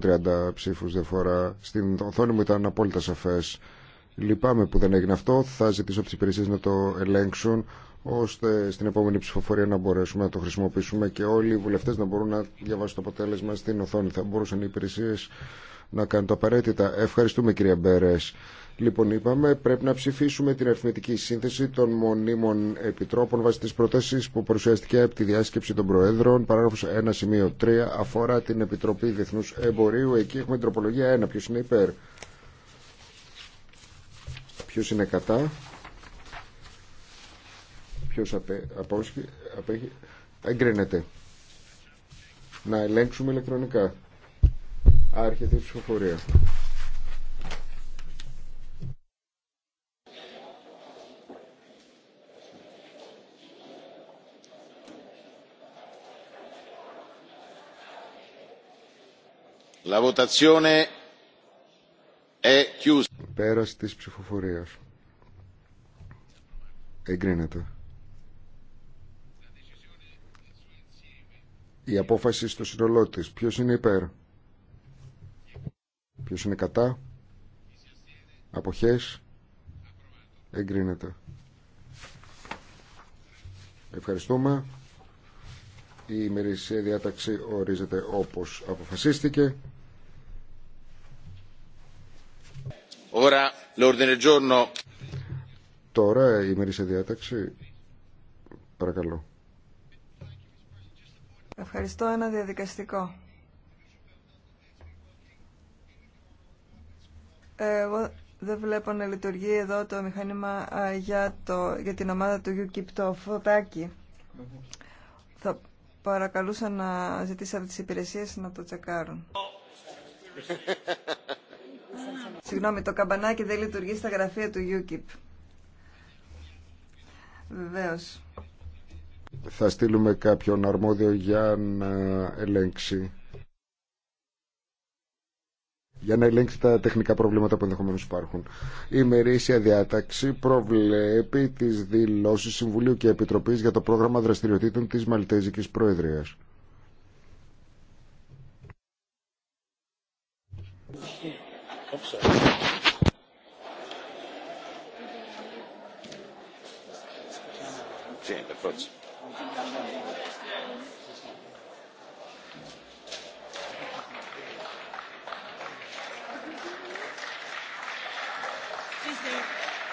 30 ψήφου διαφορά. Στην οθόνη μου ήταν απόλυτα σαφέ. Λυπάμαι που δεν έγινε αυτό. Θα ζητήσω από τις υπηρεσίες να το ελέγξουν ώστε στην επόμενη ψηφοφορία να μπορέσουμε να το χρησιμοποιήσουμε και όλοι οι βουλευτές να μπορούν να διαβάσουν το αποτέλεσμα στην οθόνη. Θα μπορούσαν οι υπηρεσίες να κάνει το απαραίτητα. Ευχαριστούμε κυρία Μπέρες. Λοιπόν, είπαμε, πρέπει να ψηφίσουμε την αριθμητική σύνθεση των μονίμων επιτρόπων βάσει τη πρόταση που παρουσιαστηκε από τη διάσκεψη των Προέδρων. Παράγραφο 1 σημείο 3 αφορά την Επιτροπή Διεθνού Εμπορίου. Εκεί έχουμε την τροπολογία 1. Ποιο είναι υπέρ. Ποιο είναι κατά. Ποιο απέ, απέχει. Εγκρίνεται. Να ελέγξουμε ηλεκτρονικά. Άρχεται η ψηφοφορία. La votazione è chiusa. Πέρας της ψηφοφορίας. Εγκρίνεται. Η απόφαση στο σύνολό τη. Ποιο είναι υπέρ. Ποιο είναι κατά. Αποχές. Εγκρίνεται. Ευχαριστούμε. Η ημερησία διάταξη ορίζεται όπως αποφασίστηκε. Ora, giorno. Τώρα η ημερήσια διάταξη. Παρακαλώ. Ευχαριστώ. Ένα διαδικαστικό. Εγώ δεν βλέπω να λειτουργεί εδώ το μηχάνημα για, το, για την ομάδα του UKIP, το φωτάκι. Θα παρακαλούσα να ζητήσω από τις υπηρεσίες να το τσεκάρουν. Συγγνώμη, το καμπανάκι δεν λειτουργεί στα γραφεία του UKIP. Βεβαίω. Θα στείλουμε κάποιον αρμόδιο για να ελέγξει για να ελέγξει τα τεχνικά προβλήματα που ενδεχομένω υπάρχουν. Η ημερήσια διάταξη προβλέπει τι δηλώσει Συμβουλίου και Επιτροπή για το πρόγραμμα δραστηριοτήτων τη Μαλτέζικη Προεδρία. Ευχαριστώ.